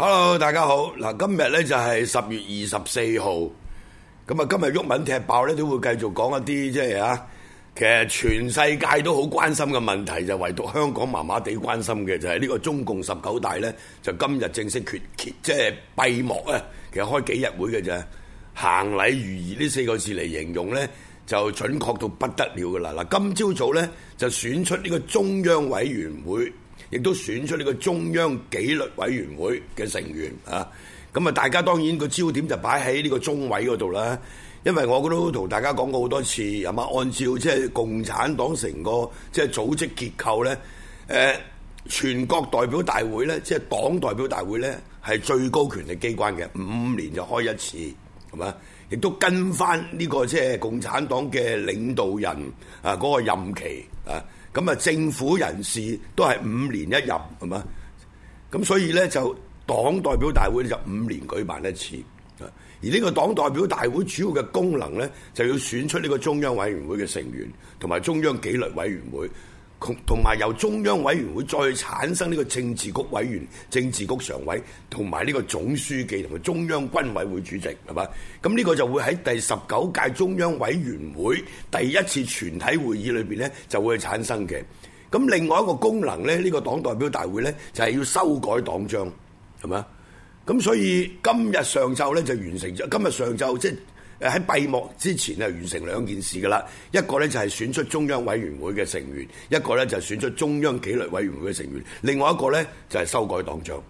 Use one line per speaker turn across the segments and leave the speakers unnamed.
Hello，大家好。嗱，今日咧就係十月二十四號。咁啊，今日毓民踢爆咧都會繼續講一啲即係啊，其實全世界都好關心嘅問題，就唯獨香港麻麻地關心嘅就係、是、呢個中共十九大咧，就今日正式決決即係閉幕啊。其實開幾日會嘅咋，行禮如儀呢四個字嚟形容咧，就準確到不得了噶啦。嗱，今朝早咧就選出呢個中央委員會。亦都選出呢個中央紀律委員會嘅成員啊！咁啊，大家當然個焦點就擺喺呢個中委嗰度啦。因為我都同大家講過好多次，係嘛？按照即係共產黨成個即係組織結構咧，誒，全國代表大會咧，即係黨代表大會咧，係最高權力機關嘅，五年就開一次，係嘛？亦都跟翻呢個即係共產黨嘅領導人啊嗰個任期啊。咁啊，政府人士都係五年一入，係嘛？咁所以咧，就黨代表大會就五年舉辦一次。而呢個黨代表大會主要嘅功能咧，就要選出呢個中央委員會嘅成員，同埋中央紀律委員會。同埋由中央委員會再產生呢個政治局委員、政治局常委同埋呢個總書記同埋中央軍委會主席係嘛？咁呢個就會喺第十九屆中央委員會第一次全體會議裏邊呢就會產生嘅。咁另外一個功能呢，呢、呢個黨代表大會呢就係、係、要修改黨章係嘛？咁所以今日上晝呢，就完成咗，今日上晝即、係喺閉幕之前咧，完成兩件事噶啦，一個咧就係選出中央委員會嘅成員，一個咧就係選出中央紀律委員會嘅成員，另外一個咧就係修改黨章。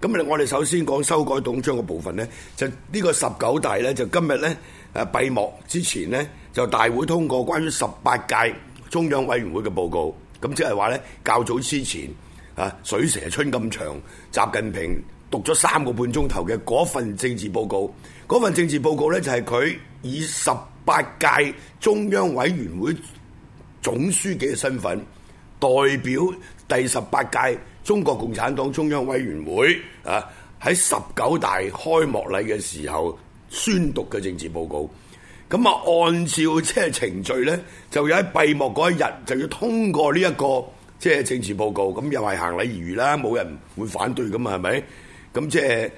咁我哋首先講修改黨章嘅部分咧，就呢個十九大咧，就今日咧誒閉幕之前咧，就大會通過關於十八屆中央委員會嘅報告，咁即係話咧較早之前啊水蛇春咁長，習近平讀咗三個半鐘頭嘅嗰份政治報告。嗰份政治報告呢，就係佢以十八屆中央委員會總書記嘅身份，代表第十八屆中國共產黨中央委員會啊，喺十九大開幕禮嘅時候宣讀嘅政治報告。咁啊，按照即程序呢，就喺閉幕嗰一日就要通過呢一個即政治報告。咁又係行禮如儀啦，冇人會反對㗎嘛，係咪？咁即係。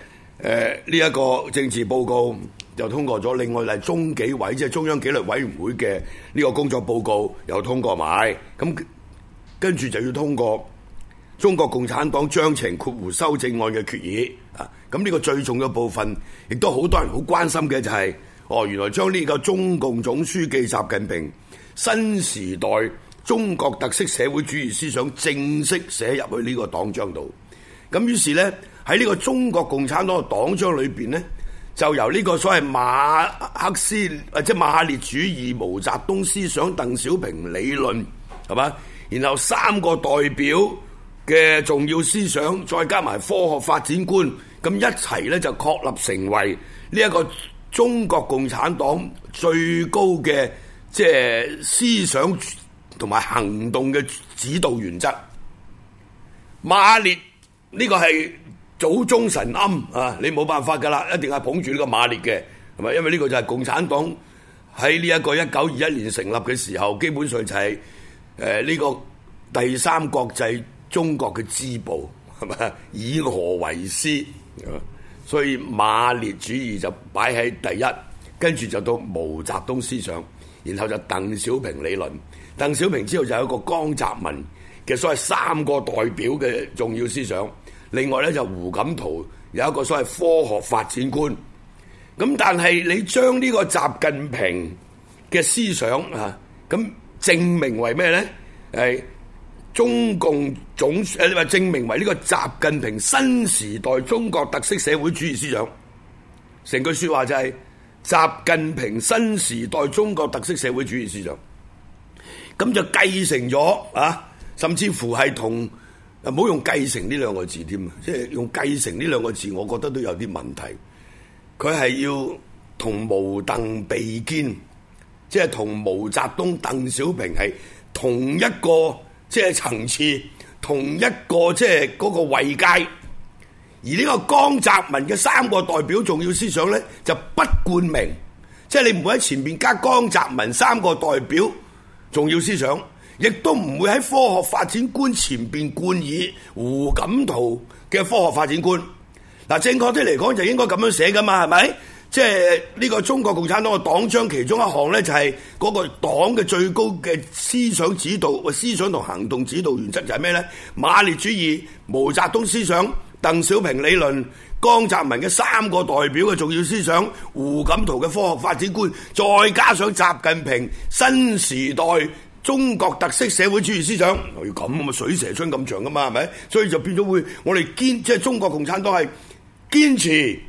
誒，呢一個政治報告又通過咗，另外係中紀委即係中央紀律委員會嘅呢個工作報告又通過埋，咁跟住就要通過中國共產黨章程括弧修正案嘅決議啊！咁呢個最重要部分，亦都好多人好關心嘅就係，哦，原來將呢個中共總書記習近平新時代中國特色社會主義思想正式寫入去呢個黨章度。咁於是呢，喺呢個中國共產黨嘅黨章裏邊呢，就由呢個所謂馬克思即係馬列主義、毛澤東思想、鄧小平理論，係嘛？然後三個代表嘅重要思想，再加埋科學發展觀，咁一齊呢，就確立成為呢一個中國共產黨最高嘅即係思想同埋行動嘅指導原則。馬列呢個係祖宗神庵啊！你冇辦法噶啦，一定係捧住呢個馬列嘅，係咪？因為呢個就係共產黨喺呢一個一九二一年成立嘅時候，基本上就係誒呢個第三國際中國嘅支部，係咪？以俄為師，所以馬列主義就擺喺第一，跟住就到毛澤東思想，然後就鄧小平理論，鄧小平之後就有一個江澤民。嘅所謂三個代表嘅重要思想，另外咧就是、胡錦濤有一個所謂科學發展觀。咁但係你將呢個習近平嘅思想啊，咁證明為咩咧？係中共總誒、啊，你話證明為呢個習近平新時代中國特色社會主義思想。成句說話就係、是、習近平新時代中國特色社會主義思想。咁就繼承咗啊！甚至乎係同唔好用繼承呢兩個字添，即係用繼承呢兩個字，個字我覺得都有啲問題。佢係要同毛鄧比肩，即係同毛澤東、鄧小平係同一個即係層次，同一個即係嗰個位階。而呢個江澤民嘅三個代表重要思想咧，就不冠名，即係你唔會喺前面加江澤民三個代表重要思想。亦都唔會喺科學發展觀前邊冠以胡錦濤嘅科學發展觀。嗱，正確啲嚟講就應該咁樣寫噶嘛，係咪？即係呢、這個中國共產黨嘅黨章其中一項呢，就係、是、嗰個黨嘅最高嘅思想指導，思想同行動指導原則就係咩呢？馬列主義、毛澤東思想、鄧小平理論、江澤民嘅三個代表嘅重要思想、胡錦濤嘅科學發展觀，再加上習近平新時代。中國特色社會主義思想，我要咁啊嘛，水蛇春咁長噶嘛，係咪？所以就變咗會，我哋堅即係中國共產黨係堅持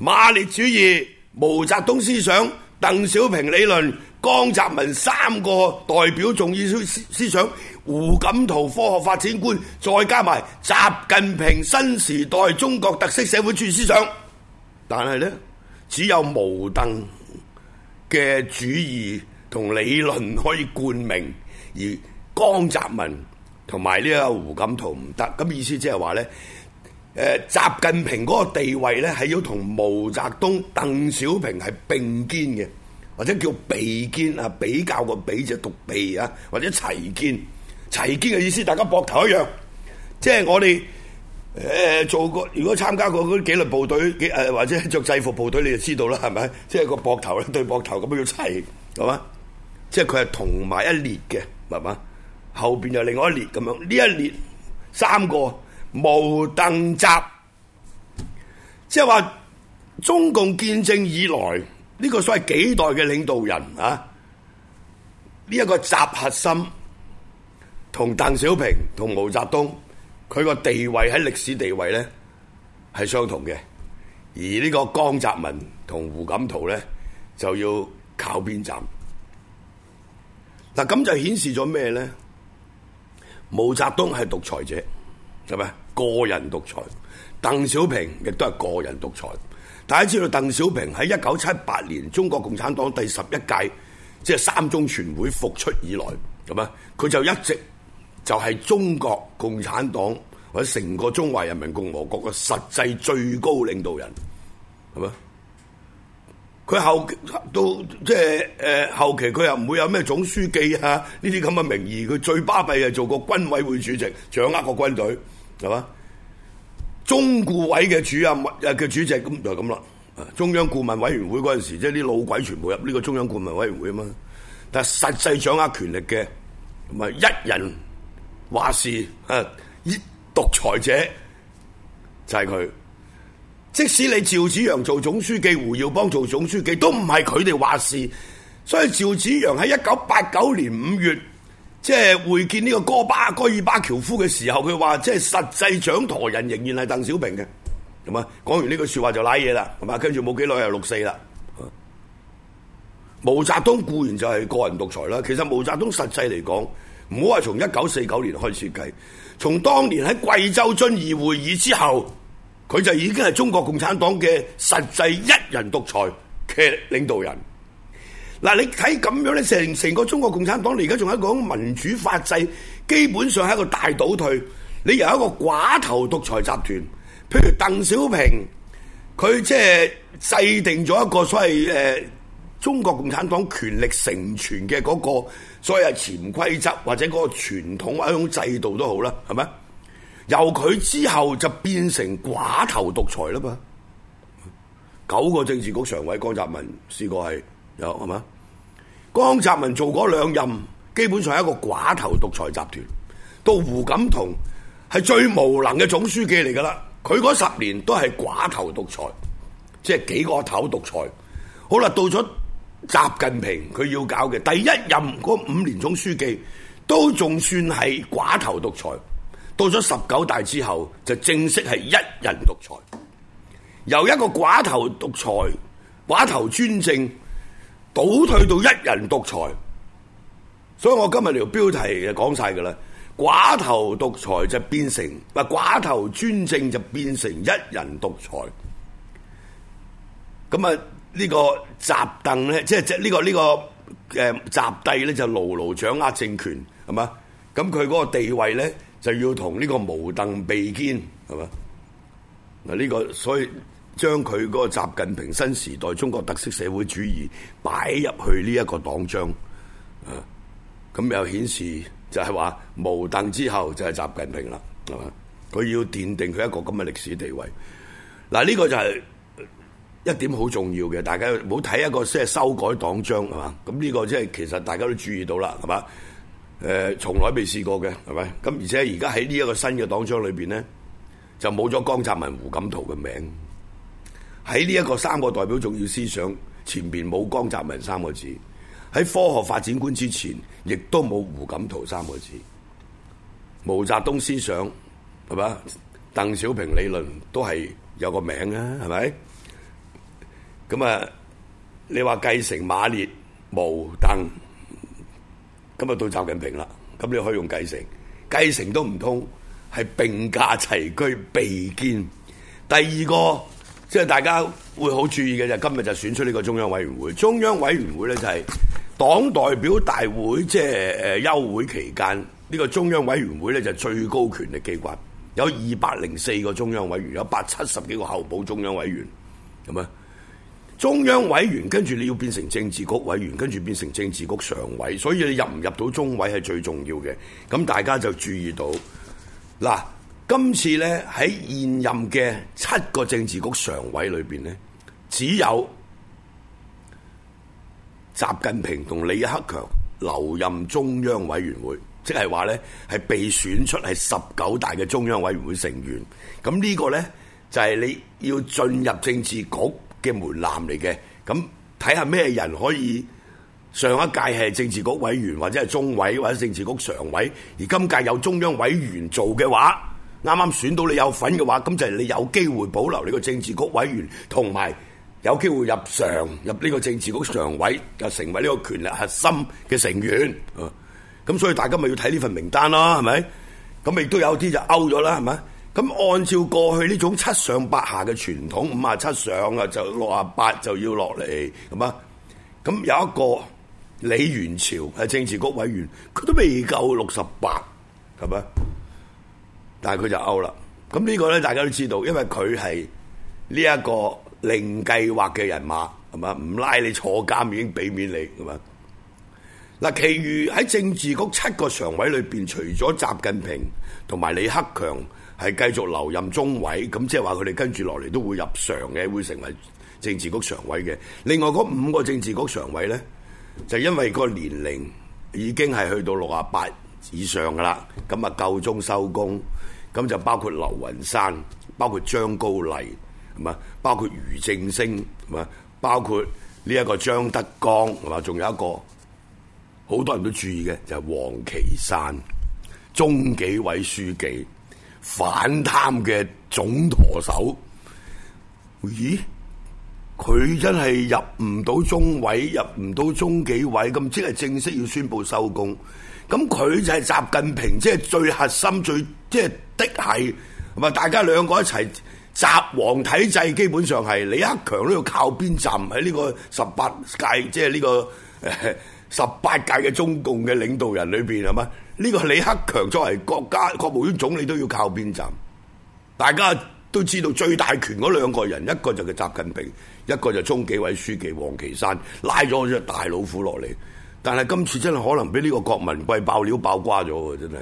馬列主義、毛澤東思想、鄧小平理論、江澤民三個代表重要思思想、胡錦濤科學發展觀，再加埋習近平新時代中國特色社會主義思想。但係咧，只有毛鄧嘅主義。同理論可以冠名，而江澤民同埋呢個胡錦濤唔得，咁意思即係話咧，誒、呃、習近平嗰個地位咧係要同毛澤東、鄧小平係並肩嘅，或者叫比肩啊，比較個比就讀備啊，或者齊肩，齊肩嘅意思，大家膊頭一樣，即係我哋誒、呃、做過，如果參加過嗰啲紀律部隊，誒、呃、或者著制服部隊，你就知道啦，係咪？即係個膊頭咧對膊頭咁樣要齊，係嘛？即係佢係同埋一列嘅，係嘛？後邊又另外一列咁樣，呢一列三個毛、鄧、習，即係話中共建政以來呢、這個所謂幾代嘅領導人啊，呢、這、一個習核心同鄧小平同毛澤東佢個地位喺歷史地位咧係相同嘅，而呢個江澤民同胡錦濤咧就要靠邊站。嗱咁就顯示咗咩咧？毛澤東係獨裁者，係咪？個人獨裁。鄧小平亦都係個人獨裁。大家知道鄧小平喺一九七八年中國共產黨第十一屆即係三中全會復出以來，咁啊，佢就一直就係中國共產黨或者成個中華人民共和國嘅實際最高領導人，係咪？佢後到即係誒、呃，後期佢又唔會有咩總書記啊呢啲咁嘅名義，佢最巴閉係做過軍委會主席，掌握個軍隊係嘛，中顧委嘅主任嘅主席，咁就咁啦。中央顧問委員會嗰陣時，即係啲老鬼全部入呢個中央顧問委員會啊嘛，但係實際掌握權力嘅咪、就是、一人話事啊，獨裁者就係、是、佢。即使你趙紫陽做總書記，胡耀邦做總書記，都唔係佢哋話事。所以趙紫陽喺一九八九年五月，即係會見呢個哥巴哥爾巴喬夫嘅時候，佢話即係實際掌舵人仍然係鄧小平嘅。咁啊，講完呢句說話就拉嘢啦，係嘛？跟住冇幾耐又六四啦。毛澤東固然就係個人獨裁啦，其實毛澤東實際嚟講，唔好話從一九四九年開始計，從當年喺貴州遵義會議之後。佢就已經係中國共產黨嘅實際一人獨裁嘅領導人。嗱，你睇咁樣咧，成成個中國共產黨嚟，而家仲喺講民主法制，基本上係一個大倒退。你由一個寡頭獨裁集團，譬如鄧小平，佢即係制定咗一個所謂誒、呃、中國共產黨權力成全嘅嗰個所謂係潛規則，或者嗰個傳統或者一種制度都好啦，係咪？由佢之後就變成寡頭獨裁啦嘛，九個政治局常委，江澤民試過係有係嘛？江澤民做嗰兩任基本上係一個寡頭獨裁集團，到胡錦濤係最無能嘅總書記嚟噶啦，佢嗰十年都係寡頭獨裁，即係幾個頭獨裁。好啦，到咗習近平，佢要搞嘅第一任嗰五年總書記都仲算係寡頭獨裁。到咗十九大之後，就正式係一人獨裁，由一個寡頭獨裁、寡頭專政倒退到一人獨裁。所以我今日條標題就講晒噶啦，寡頭獨裁就變成，唔係寡頭專政就變成一人獨裁。咁啊，呢個習鄧咧，即係即係呢個呢、這個誒習、呃、帝咧，就牢牢掌握政權係嘛，咁佢嗰個地位咧。就要同呢個毛鄧比肩，係嘛？嗱、這個，呢個所以將佢嗰個習近平新時代中國特色社會主義擺入去呢一個黨章，咁又顯示就係話毛鄧之後就係習近平啦，係嘛？佢要奠定佢一個咁嘅歷史地位。嗱、啊、呢、這個就係一點好重要嘅，大家冇睇一個即係修改黨章係嘛？咁呢個即、就、係、是、其實大家都注意到啦，係嘛？誒，從來未試過嘅，係咪？咁而且而家喺呢一個新嘅黨章裏邊呢，就冇咗江澤民、胡錦濤嘅名。喺呢一個三個代表重要思想前面，冇江澤民三個字，喺科學發展觀之前亦都冇胡錦濤三個字。毛澤東思想係咪啊？鄧小平理論都係有個名啊，係咪？咁啊，你話繼承馬列毛鄧？鄧今日到習近平啦，咁你可以用繼承，繼承都唔通係並駕齊驅比肩。第二個即係、就是、大家會好注意嘅就，今日就選出呢個中央委員會。中央委員會咧就係黨代表大會即係誒休會期間，呢、這個中央委員會咧就最高權力機關，有二百零四個中央委員，有百七十幾個候補中央委員，係咪？中央委員跟住你要變成政治局委員，跟住變成政治局常委，所以你入唔入到中委係最重要嘅。咁大家就注意到，嗱，今次呢喺現任嘅七個政治局常委裏邊呢，只有習近平同李克強留任中央委員會，即係話呢係被選出係十九大嘅中央委員會成員。咁呢個呢，就係你要進入政治局嘅門檻嚟嘅，咁睇下咩人可以上一屆係政治局委員或者係中委或者政治局常委，而今屆有中央委員做嘅話，啱啱選到你有份嘅話，咁就係你有機會保留你個政治局委員，同埋有機會入常入呢個政治局常委，就成為呢個權力核心嘅成員。咁、嗯、所以大家咪要睇呢份名單囉，係咪？咁亦都有啲就勾咗啦，係咪？咁按照過去呢種七上八下嘅傳統，五啊七上啊就六啊八就要落嚟，咁啊，咁有一個李源潮係政治局委員，佢都未夠六十八，係咪？但係佢就 out 啦。咁呢個咧，大家都知道，因為佢係呢一個令計劃嘅人馬，係咪？唔拉你坐監已經俾面你，係咪？嗱，其餘喺政治局七個常委裏邊，除咗習近平同埋李克強係繼續留任中委，咁即係話佢哋跟住落嚟都會入常嘅，會成為政治局常委嘅。另外嗰五個政治局常委呢，就因為個年齡已經係去到六啊八以上噶啦，咁啊夠鐘收工，咁就包括劉雲山，包括張高麗，係嘛，包括俞正聲，係嘛，包括呢一個張德江，係嘛，仲有一個。好多人都注意嘅就係王岐山，中紀委書記，反貪嘅總舵手。咦？佢真係入唔到中委，入唔到中紀委，咁即係正式要宣布收工。咁佢就係習近平，即係最核心、最即係的係，同埋大家兩個一齊習王體制，基本上係李克強都要靠邊站喺呢個十八屆，即係呢、這個。 十八屆嘅中共嘅領導人裏邊係嗎？呢個李克強作為國家國務院總理都要靠邊站。大家都知道最大權嗰兩個人，一個就係習近平，一個就中紀委書記王岐山拉咗隻大老虎落嚟。但係今次真係可能俾呢個郭文貴爆料爆瓜咗喎！真係，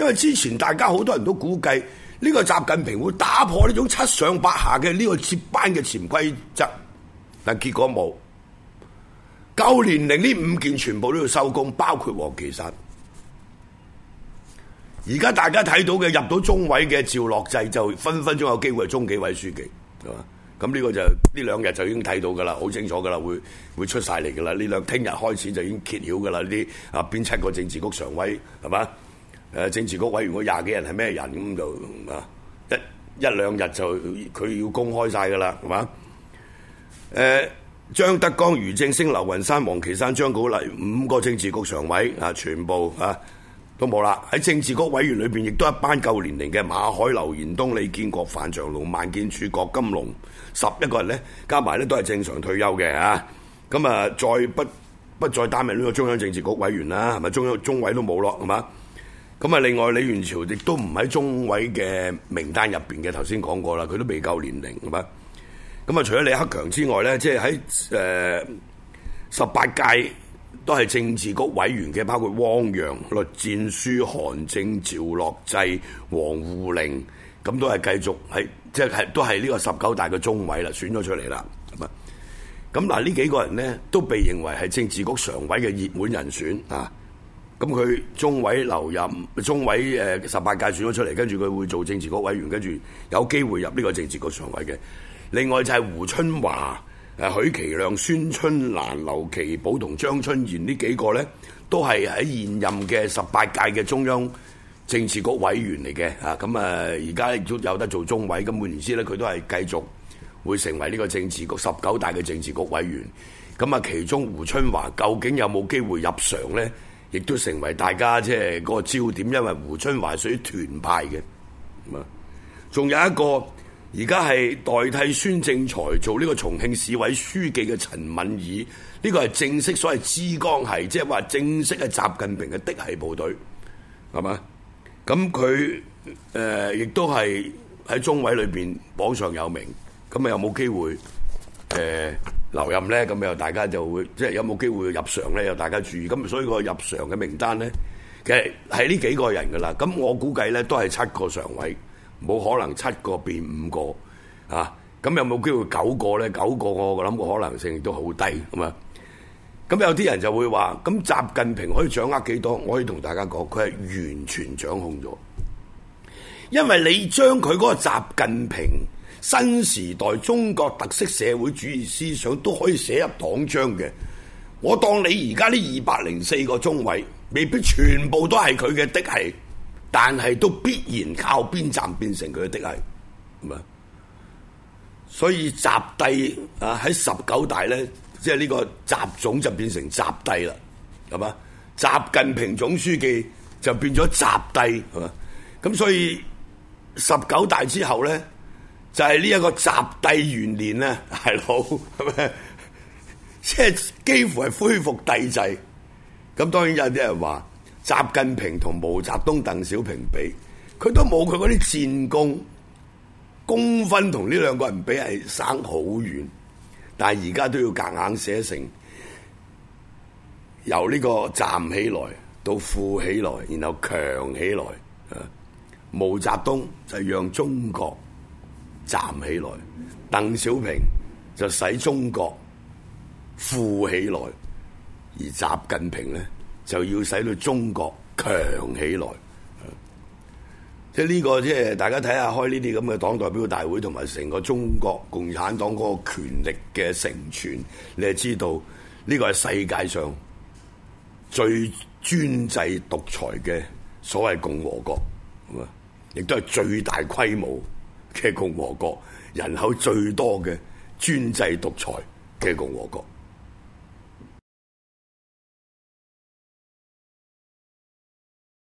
因為之前大家好多人都估計呢個習近平會打破呢種七上八下嘅呢個接班嘅潛規則，但結果冇。舊年齡呢五件全部都要收工，包括王岐山。而家大家睇到嘅入到中委嘅趙樂際就分分鐘有機會係中紀委書記，係嘛？咁、嗯、呢、這個就呢兩日就已經睇到噶啦，好清楚噶啦，會會出晒嚟噶啦。呢兩聽日開始就已經揭曉噶啦呢啲啊，邊七個政治局常委係嘛？誒、呃，政治局委員嗰廿幾人係咩人咁就啊，一一兩日就佢要公開晒噶啦，係嘛？誒、呃。張德江、俞正聲、劉雲山、王岐山、張高麗五個政治局常委啊，全部啊都冇啦。喺政治局委員裏邊，亦都一班夠年齡嘅馬海、劉延東、李建國、范長龍、萬建柱、郭金龍十一個人呢，加埋呢都係正常退休嘅啊。咁啊，再不不再擔任呢個中央政治局委員啦，係咪中央中委都冇咯？係嘛。咁啊，另外李源潮亦都唔喺中委嘅名單入邊嘅，頭先講過啦，佢都未夠年齡，係嘛。咁啊，除咗李克強之外咧，即係喺誒十八屆都係政治局委員嘅，包括汪洋、栗戰書、韓正、趙樂際、王滬寧，咁都係繼續喺即係都係呢個十九大嘅中委啦，選咗出嚟啦。咁嗱，呢幾個人呢，都被認為係政治局常委嘅熱門人選啊。咁佢中委留任，中委誒十八屆選咗出嚟，跟住佢會做政治局委員，跟住有機會入呢個政治局常委嘅。另外就係胡春華、誒許其亮、孫春蘭、劉奇葆同張春賢呢幾個咧，都係喺現任嘅十八屆嘅中央政治局委員嚟嘅嚇，咁啊，而家亦都有得做中委，咁換言之咧，佢都係繼續會成為呢個政治局十九大嘅政治局委員。咁啊，其中胡春華究竟有冇機會入常咧？亦都成為大家即係嗰個焦點，因為胡春華屬於團派嘅。咁啊，仲有一個。而家係代替孫政才做呢個重慶市委書記嘅陳敏爾，呢、這個係正式所謂之江系，即係話正式嘅習近平嘅嫡系部隊，係嘛嗎？咁佢誒亦都係喺中委裏邊榜上有名，咁啊有冇機會誒、呃、留任咧？咁又大家就會即係有冇機會入常咧？又大家注意，咁所以個入常嘅名單咧，其實係呢幾個人㗎啦。咁我估計咧都係七個常委。冇可能七個變五個啊！咁有冇機會九個呢？九個我諗個可能性亦都好低咁啊！咁有啲人就會話，咁習近平可以掌握幾多？我可以同大家講，佢係完全掌控咗。因為你將佢嗰個習近平新時代中國特色社會主義思想都可以寫入黨章嘅，我當你而家呢二百零四個中委，未必全部都係佢嘅嫡系。但係都必然靠邊站變成佢的係，咁啊，所以習帝啊喺十九大咧，即係呢個習總就變成習帝啦，係嘛？習近平總書記就變咗習帝，係嘛？咁所以十九大之後咧，就係呢一個習帝元年啊，大佬，即係、就是、幾乎係恢復帝制。咁當然有啲人話。習近平同毛澤東、鄧小平比，佢都冇佢嗰啲戰功，功分同呢兩個人比係生好遠。但係而家都要夾硬寫成由呢個站起來到富起來，然後強起來。啊，毛澤東就讓中國站起來，鄧小平就使中國富起來，而習近平咧。就要使到中國強起來，這個，即係呢個即係大家睇下開呢啲咁嘅黨代表大會，同埋成個中國共產黨嗰個權力嘅成全，你係知道呢，這個係世界上最專制獨裁嘅所謂共和國，亦都係最大規模嘅共和國，人口最多嘅專制獨裁嘅共和國。